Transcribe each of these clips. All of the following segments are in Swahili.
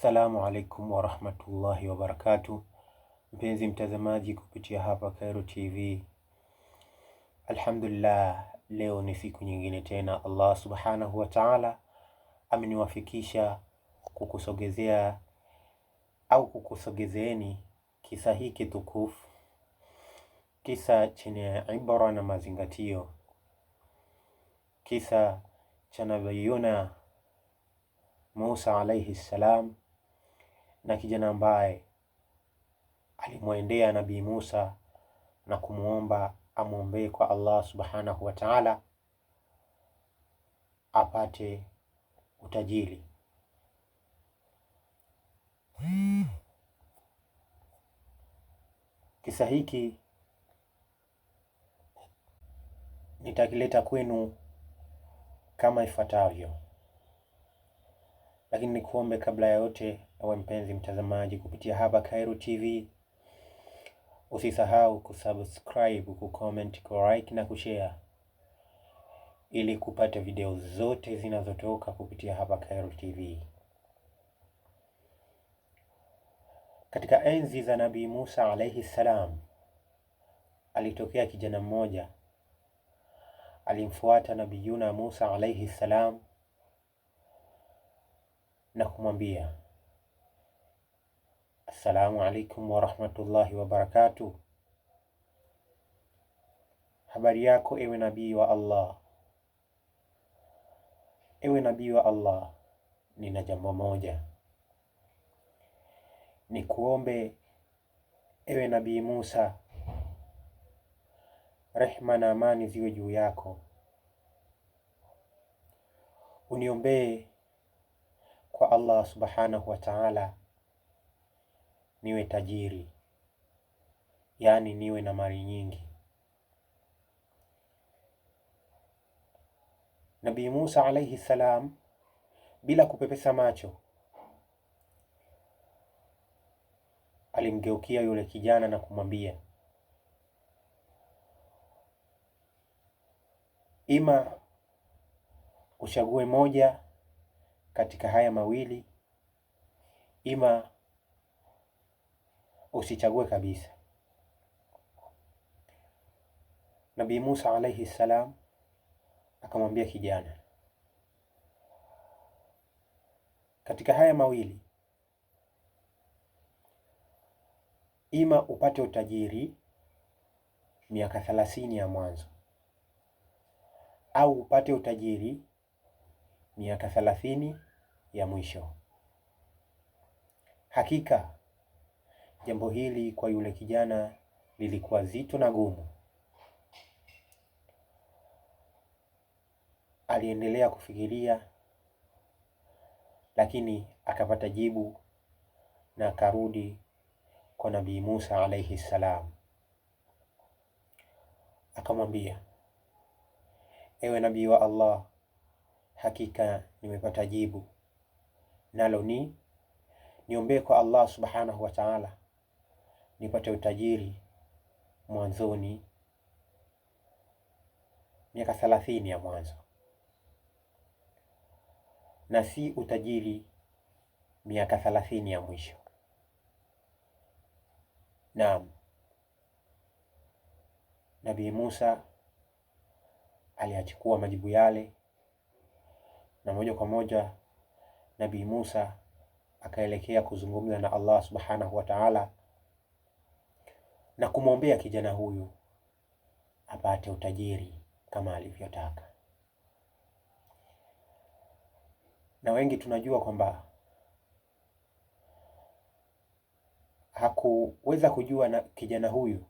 Assalamu alaikum warahmatullahi wabarakatu, mpenzi mtazamaji kupitia hapa Khairo TV. Alhamdulillah, leo ni siku nyingine tena Allah subhanahu wa ta'ala ameniwafikisha kukusogezea au kukusogezeeni kisa hiki tukufu, kisa chenye ibra na mazingatio, kisa cha Nabiyuna Musa alaihi salam na kijana ambaye alimwendea Nabii Musa na kumwomba amwombee kwa Allah subhanahu wa ta'ala apate utajiri. Kisa hiki nitakileta kwenu kama ifuatavyo, lakini nikuombe kabla ya yote Ewe mpenzi mtazamaji kupitia hapa Khairo TV, usisahau kusubscribe, kucomment, kulike na kushare ili kupata video zote zinazotoka kupitia hapa Khairo TV. Katika enzi za Nabii Musa alaihi salam, alitokea kijana mmoja alimfuata yuna Musa alaihi salam na kumwambia Assalamu alaikum warahmatullahi wabarakatuh. Habari yako ewe nabii wa Allah, ewe nabii wa Allah, nina jambo moja ni kuombe ewe nabii Musa, rehma na amani ziwe juu yako, uniombee kwa Allah subhanahu wa ta'ala niwe tajiri, yaani niwe na mali nyingi. Nabii Musa alaihi salam, bila kupepesa macho, alimgeukia yule kijana na kumwambia, ima uchague moja katika haya mawili, ima usichague kabisa. Nabii Musa alaihi salam akamwambia kijana, katika haya mawili, ima upate utajiri miaka thelathini ya mwanzo au upate utajiri miaka thelathini ya mwisho. Hakika Jambo hili kwa yule kijana lilikuwa zito na gumu. Aliendelea kufikiria, lakini akapata jibu na akarudi kwa Nabii Musa alaihi salam, akamwambia: ewe nabii wa Allah, hakika nimepata jibu, nalo ni niombee kwa Allah subhanahu wa ta'ala nipate utajiri mwanzoni, miaka thelathini ya mwanzo, na si utajiri miaka thelathini ya mwisho. Naam, Nabii Musa aliyachukua majibu yale, na moja kwa moja Nabii Musa akaelekea kuzungumza na Allah subhanahu wa ta'ala na kumwombea kijana huyu apate utajiri kama alivyotaka. Na wengi tunajua kwamba hakuweza kujua na kijana huyu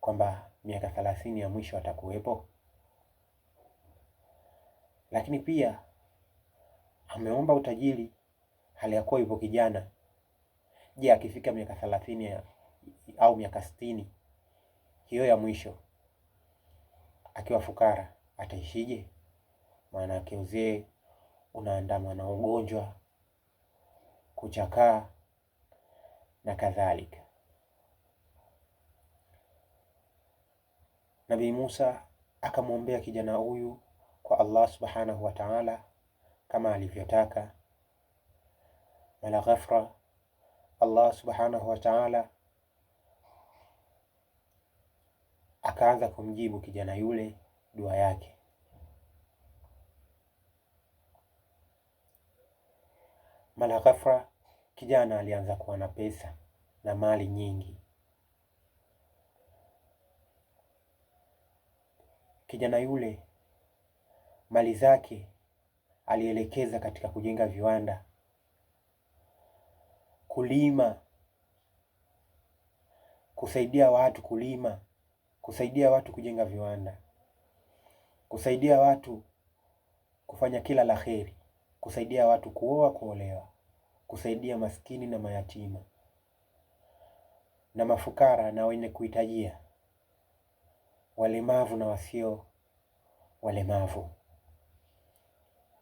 kwamba miaka thelathini ya mwisho atakuwepo, lakini pia ameomba utajiri hali ya kuwa yupo kijana. Je, akifika miaka thelathini ya au miaka sitini hiyo ya mwisho akiwa fukara ataishije? yake uzee unaandama na ugonjwa, kuchakaa na kadhalika. Nabii Musa akamwombea kijana huyu kwa Allah subhanahu wa ta'ala, kama alivyotaka mala ghafra, Allah subhanahu wa ta'ala akaanza kumjibu kijana yule dua yake. Mara ghafla kijana alianza kuwa na pesa na mali nyingi. Kijana yule mali zake alielekeza katika kujenga viwanda, kulima, kusaidia watu kulima kusaidia watu kujenga viwanda, kusaidia watu kufanya kila la heri, kusaidia watu kuoa, kuolewa, kusaidia maskini na mayatima na mafukara na wenye kuhitajia, walemavu na wasio walemavu.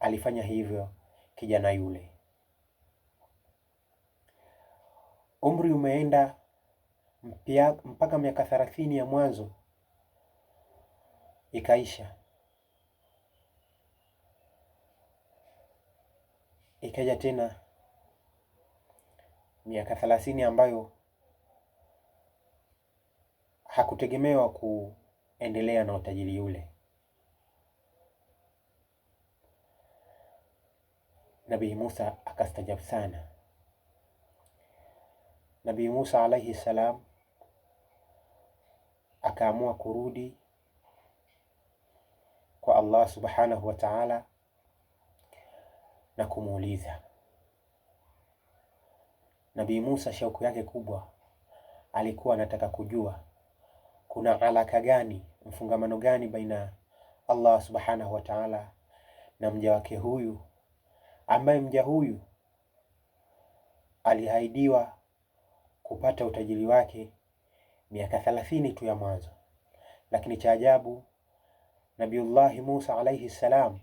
Alifanya hivyo kijana yule. Umri umeenda, mpaka miaka thelathini ya mwanzo ikaisha, ikaja tena miaka thelathini ambayo hakutegemewa kuendelea na utajiri ule. Nabii Musa akastajabu sana. Nabii Musa alaihi salam akaamua kurudi kwa Allah subhanahu wa ta'ala na kumuuliza. Nabii Musa shauku yake kubwa alikuwa anataka kujua kuna alaka gani, mfungamano gani baina Allah subhanahu wa ta'ala na mja wake huyu ambaye mja huyu alihaidiwa kupata utajiri wake miaka thalathini tu ya mwanzo. Lakini cha ajabu, Nabiullahi Musa alaihi salam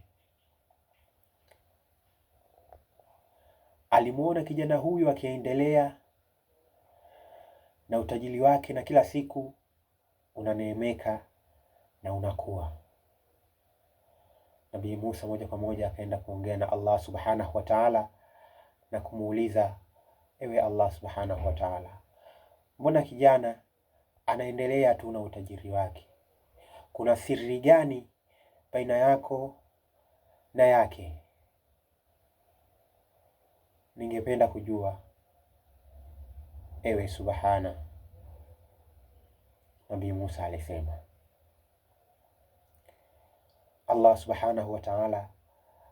alimwona kijana huyu akiendelea na utajiri wake, na kila siku unaneemeka na unakuwa. Nabii Musa moja kwa moja akaenda kuongea na Allah subhanahu wa taala na kumuuliza, ewe Allah subhanahu wa taala, mbona kijana anaendelea tu na utajiri wake. Kuna siri gani baina yako na yake? Ningependa kujua, ewe Subhana. Nabii Musa alisema. Allah subhanahu wa ta'ala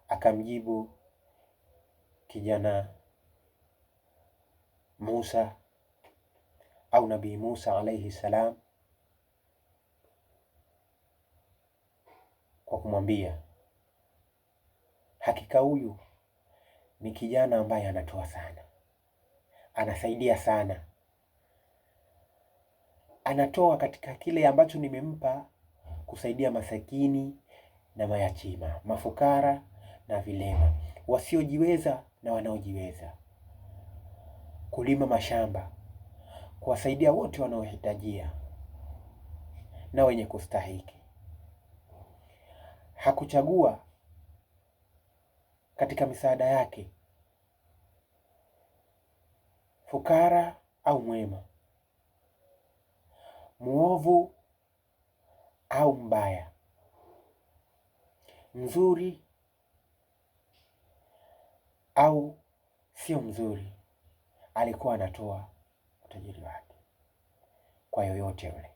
akamjibu kijana Musa au Nabii Musa alaihi salam kwa kumwambia hakika huyu ni kijana ambaye anatoa sana, anasaidia sana, anatoa katika kile ambacho nimempa kusaidia masakini na mayatima, mafukara na vilema, wasiojiweza na wanaojiweza, kulima mashamba kuwasaidia wote wanaohitajia na wenye kustahiki. Hakuchagua katika misaada yake fukara au mwema, muovu au mbaya, mzuri au sio mzuri. Alikuwa anatoa utajiri wake kwa yoyote yule.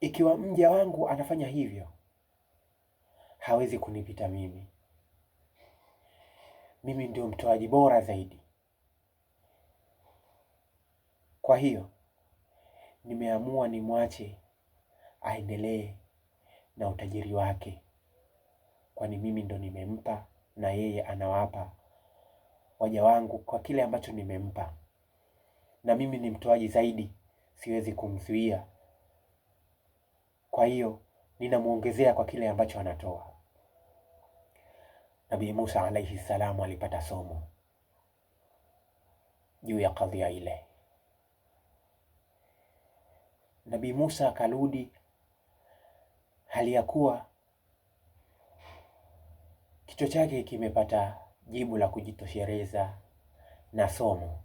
Ikiwa mja wangu anafanya hivyo, hawezi kunipita mimi. Mimi ndio mtoaji bora zaidi. Kwa hiyo nimeamua nimwache aendelee na utajiri wake, kwani mimi ndo nimempa na yeye anawapa waja wangu kwa kile ambacho nimempa na mimi ni mtoaji zaidi, siwezi kumzuia. Kwa hiyo ninamwongezea kwa kile ambacho anatoa. Nabii Musa alaihi salam alipata somo juu ya kadhia ile. Nabii Musa akarudi hali ya kuwa kichwa chake kimepata jibu la kujitosheleza na somo.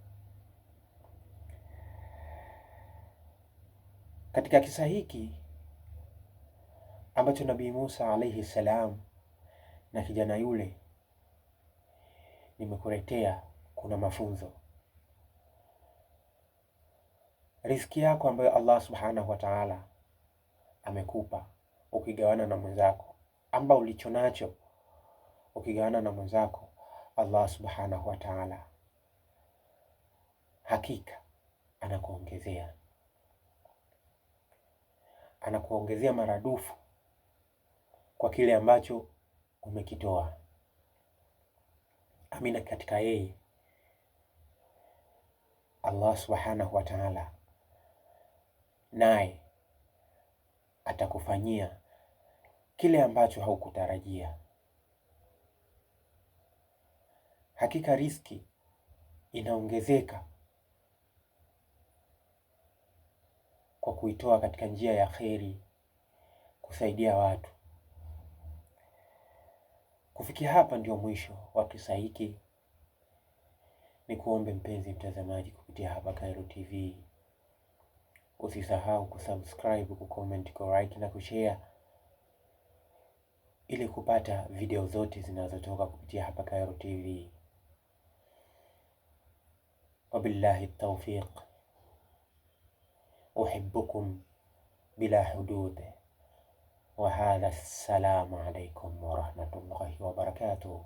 Katika kisa hiki ambacho Nabii Musa alaihi salam na kijana yule nimekuletea, kuna mafunzo. Riziki yako ambayo Allah subhanahu wa taala amekupa ukigawana na mwenzako, amba ulicho nacho ukigawana na mwenzako, Allah subhanahu wa taala hakika anakuongezea anakuongezea maradufu kwa kile ambacho umekitoa. Amina. Katika yeye Allah subhanahu wa ta'ala, naye atakufanyia kile ambacho haukutarajia. Hakika riski inaongezeka kwa kuitoa katika njia ya kheri, kusaidia watu. Kufikia hapa ndio mwisho wa kisa hiki. Ni kuombe mpenzi mtazamaji kupitia hapa Khairo TV, usisahau kusubscribe, kucomment, like na kushare ili kupata video zote zinazotoka kupitia hapa Khairo TV. Wabillahi tawfiq. أحبكم بلا حدود وهذا السلام عليكم ورحمة الله وبركاته